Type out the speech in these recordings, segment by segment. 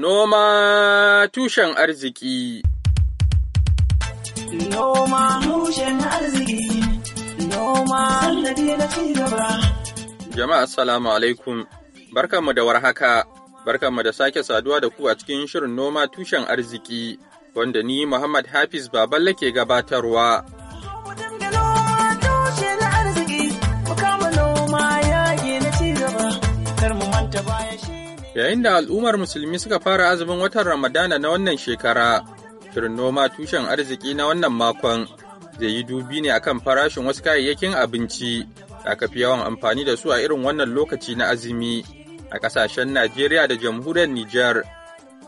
Noma tushen arziki Noma tushen arziki Noma na cigaba Jama'a assalamu alaikum barkanmu da warhaka barkanmu da sake saduwa da ku a cikin shirin noma tushen arziki wanda ni Muhammad Hafiz Baballe ke gabatarwa Yayin da al'ummar musulmi suka fara azumin watan Ramadana na wannan shekara, shirin noma tushen arziki na wannan makon zai yi dubi ne akan farashin wasu kayayyakin abinci da aka fi yawan amfani da su a irin wannan lokaci na azumi a kasashen Najeriya da jamhuriyar Nijar.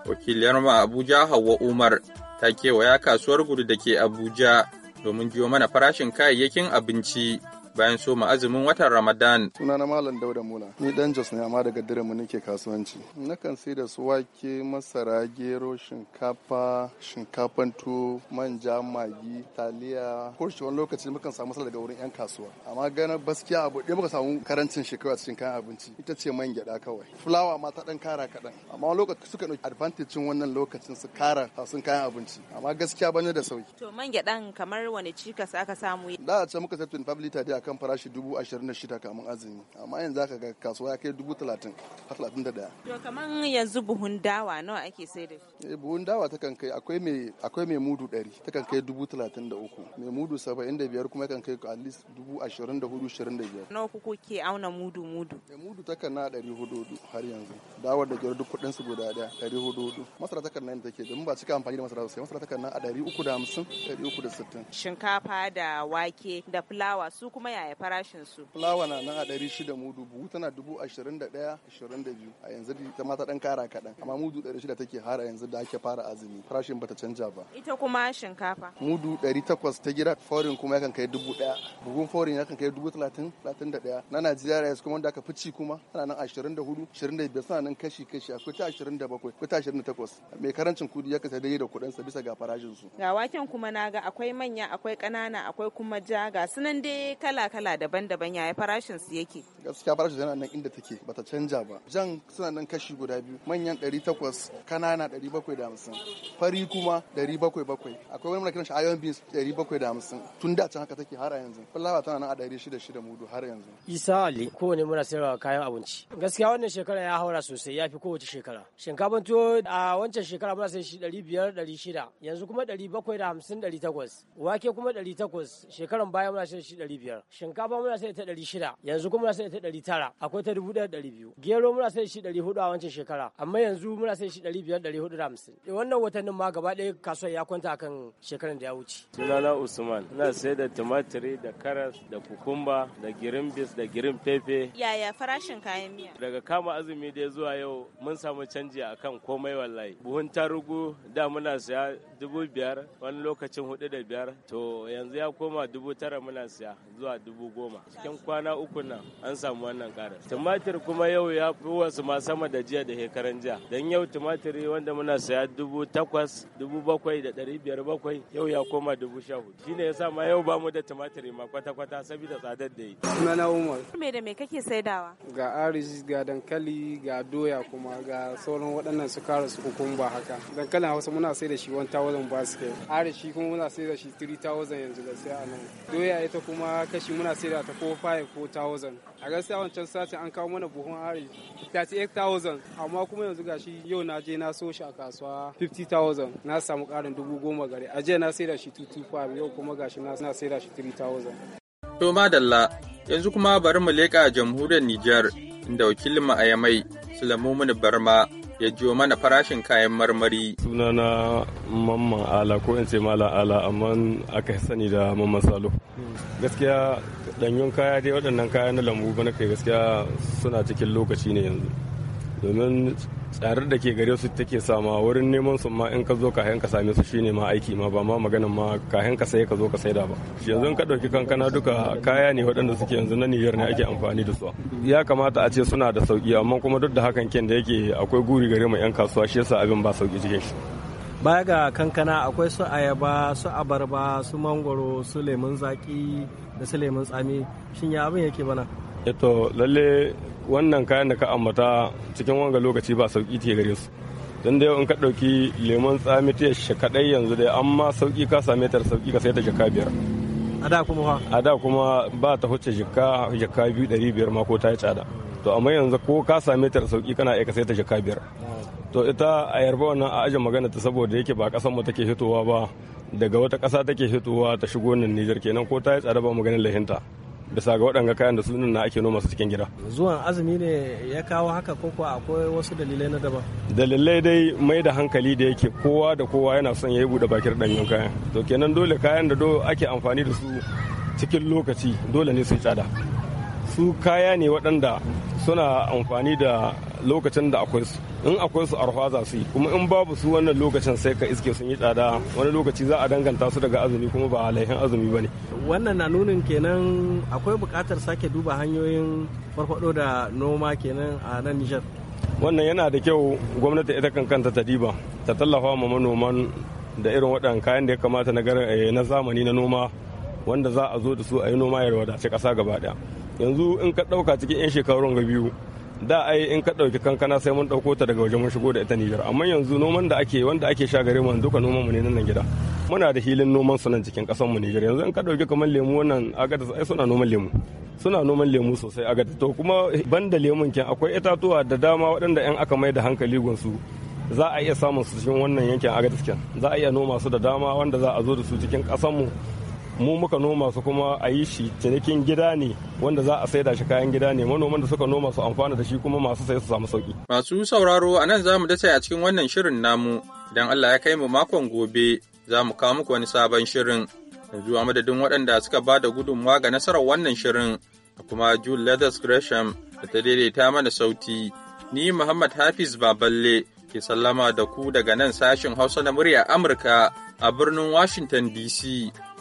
Wakiliyar ma Abuja Hauwa Umar ta kewaya kasuwar gudu da ke Abuja domin jiyo mana farashin kayayyakin abinci. bayan soma azumin watan Ramadan. Sunana Malam Dauda Mula, ni dan Jos ne amma daga Diremu nake kasuwanci. na kan sai da su wake, masara, gero, shinkafa, shinkafan tuwo, manja, magi, taliya. Ko shi wani lokaci mukan samu sala daga wurin 'yan kasuwa. Amma gana baskiya abu ɗaya muka samu karancin shekaru a cikin kayan abinci ita ce man gyaɗa kawai. Fulawa ma ta ɗan kara kaɗan. Amma wani lokaci suka ɗauki advantajin wannan lokacin su kara sun kayan abinci. Amma gaskiya bane da sauki. To man gyaɗan kamar wani cikas aka samu. Da a ce muka sai 25 lita dai akan farashi dubu ashirin da shida kamun azumi amma yanzu aka ga kasuwa ya kai dubu talatin har talatin da daya. to kaman yanzu buhun dawa nawa ake sai da shi. Eh, buhun dawa ta kan kai akwai mai akwai mai mudu ɗari ta kan kai dubu talatin da uku mai mudu saba'in da biyar kuma kan kai at least dubu ashirin da hudu ashirin da biyar. nawa kuku ke auna mudu mudu. mudu ta kan na ɗari hudu har yanzu dawar da gyara duk kuɗin su guda ɗaya ɗari hudu hudu masara ta kan nan take domin ba cika amfani da masara sosai masara ta kan nan a ɗari uku da hamsin ɗari uku da sittin. shinkafa da wake da fulawa su kuma yaya farashin su fulawa na nan a ɗari shida mudu buhu tana dubu ashirin da ɗaya ashirin da biyu a yanzu ta ma ɗan kara kaɗan amma mudu ɗari shida take har a yanzu da ake fara azumi farashin bata canja ba ita kuma shinkafa mudu ɗari takwas ta gida forin kuma yakan kai dubu ɗaya buhun forin yakan kai dubu talatin talatin da ɗaya na najeriya yanzu kuma wanda aka fi ci kuma tana nan ashirin da hudu ashirin da biyar suna nan kashi kashi akwai ta ashirin da bakwai akwai ta ashirin da takwas mai karancin kudi ya kasa daidai da sa bisa ga farashin su ga waken kuma naga akwai manya akwai ƙanana akwai kuma ja ga sunan dai kala kala-kala daban-daban yaya farashin su yake gaskiya farashin yana nan inda take bata canja ba jan suna nan kashi guda biyu manyan 800 kanana 750 fari kuma 700 akwai wani kiran shi iron beans 750 tun da can haka take har yanzu fulawa tana nan a 600 mudu har yanzu isa ali kowane muna sayarwa kayan abinci gaskiya wannan shekara ya haura sosai ya fi kowace shekara shinkafan tuwo a wancan shekara muna sayar shi 500 600 yanzu kuma 750 800 wake kuma 800 shekaran baya muna sayar shi 500 shinkafa muna sai ta ɗari shida yanzu kuma muna sai ta ɗari tara akwai ta dubu ɗaya ɗari biyu gero muna sai shi ɗari hudu a wancan shekara amma yanzu muna sai shi ɗari biyar ɗari hudu da hamsin eh, wannan watannin ma gaba ɗaya kasuwar ya kwanta akan shekaran da ya wuce. sunana usman ina sai da tumatiri da karas da kukumba da girin bis da girin pepe. yaya farashin kayan miya. daga kama azumi dai zuwa yau mun samu canji akan komai wallahi buhun tarugu da muna siya dubu biyar wani lokacin hudu da biyar to yanzu ya koma dubu tara muna siya zuwa dubu goma cikin kwana uku nan an samu wannan kara tumatir kuma yau ya fi wasu ma sama da jiya da hekaran jiya don yau tumatiri wanda muna saya dubu takwas dubu bakwai da ɗari biyar bakwai yau ya koma dubu sha hudu shine yasa ma yau ba mu da tumatiri ma kwata-kwata saboda tsadar da yi. Sunana Umar. Me da me kake saidawa? Ga aris ga dankali ga doya kuma ga sauran waɗannan su kara su kukumba haka. Dankalin Hausa muna sai da shi 1000 basket. Aris shi kuma muna sai da shi 3000 yanzu da sai a nan. Doya ita kuma kashi shi muna da ta ko 5 ko 1000 a gaskiya wancan satin an kawo mana buhun hari 38000 amma kuma yanzu gashi yau na je na so shi a kasuwa 50000 na samu karin dubu goma gari a jiya na da shi 225 yau kuma gashi na da shi 3000 to madalla yanzu kuma bari mu leƙa jamhuriyar Nijar inda wakilin mu a Yamai Sulaimu Barma ya jiyo mana farashin kayan marmari. Suna na mamman ala ko in ce mala ala amma aka sani da mamman salo. Gaskiya ɗanyun kaya dai waɗannan kaya na lambu bana kai gaskiya suna cikin lokaci ne yanzu. Domin tsarar da ke gare su take sama wurin neman su ma in ka zo kayan ka same su shine ma aiki ma ba ma maganin ma kayan ka sai ka zo ka saida ba yanzu ka dauki kankana duka kaya ne waɗanda suke yanzu na niyyar ne ake amfani da su ya kamata a ce suna da sauki amma kuma duk da hakan kin da yake akwai guri gare mu yan kasuwa shi yasa abin ba sauki cikin shi baya ga kankana akwai su ayaba su abarba su mangoro su lemun zaki da su lemun tsami shin ya abin yake bana eto eh lalle wannan kayan da ka ambata cikin wanga lokaci ba sauki take gare su don da yau in ka ɗauki lemon tsami ta shi kaɗai yanzu dai amma sauki ka same ta sauki ka sai ta jaka biyar a da kuma ha a da kuma ba ta huce jaka jaka biyu ɗari biyar ma ko ta yi tsada to amma yanzu ko ka same ta sauki kana iya ka sai ta jaka biyar to ita a yarba wannan a ajin magana ta saboda yake ba kasan mu take fitowa ba daga wata ƙasa take fitowa ta shigo nan Nijar kenan ko ta yi tsada ba maganin lahinta bisa ga waɗanga kayan da sunan na ake noma su cikin gida zuwan azumi ne ya kawo haka ko kuwa akwai wasu dalilai na daban dalilai dai mai da hankali da yake kowa da kowa yana son ya yi buɗe bakin ɗanyen kayan to kenan dole kayan da dole ake amfani da su cikin lokaci dole ne su tsada su kaya ne waɗanda suna amfani da lokacin da akwai su in akwai su arfa za su yi kuma in babu su wannan lokacin sai ka iske sun yi tsada wani lokaci za a danganta su daga azumi kuma ba a laihin azumi ba ne wannan na nunin kenan akwai bukatar sake duba hanyoyin farfado da noma kenan a nan nijar wannan yana da kyau gwamnati ita kan kanta ta diba ta tallafa ma manoman da irin waɗannan kayan da ya kamata na eh, zamani na noma wanda za a zo da su a yi noma ya wadace ƙasa gaba ɗaya yanzu in ka ɗauka cikin 'yan shekarun ga biyu da ai in ka ɗauki kankana sai mun ɗauko ta daga waje mun shigo da ita Nijar amma yanzu noman da ake wanda ake sha gare mu duka noman mu ne nan gida muna da hilin noman su nan cikin ƙasar mu Nijar yanzu in ka ɗauki kamar lemu wannan agada ai suna noman lemu suna noman lemu sosai agada to kuma banda lemun kin akwai itatuwa da dama waɗanda 'yan aka mai da hankali gunsu za a iya samun su cikin wannan yankin agada kin za a iya noma su da dama wanda za a zo da su cikin ƙasar mu mu muka noma su kuma a yi shi cinikin gida ne wanda za a da shi kayan gida ne manoman da suka noma su amfana da shi kuma masu sai su samu sauki. Masu sauraro a nan za mu dace a cikin wannan shirin namu idan Allah ya kai mu makon gobe za mu kawo muku wani sabon shirin. Yanzu a madadin waɗanda suka ba da gudunmawa ga nasarar wannan shirin da kuma Jude Leathers Gresham da ta daidaita mana sauti. Ni Muhammad Hafiz Baballe ke sallama da ku daga nan sashin Hausa na murya Amurka a birnin Washington DC.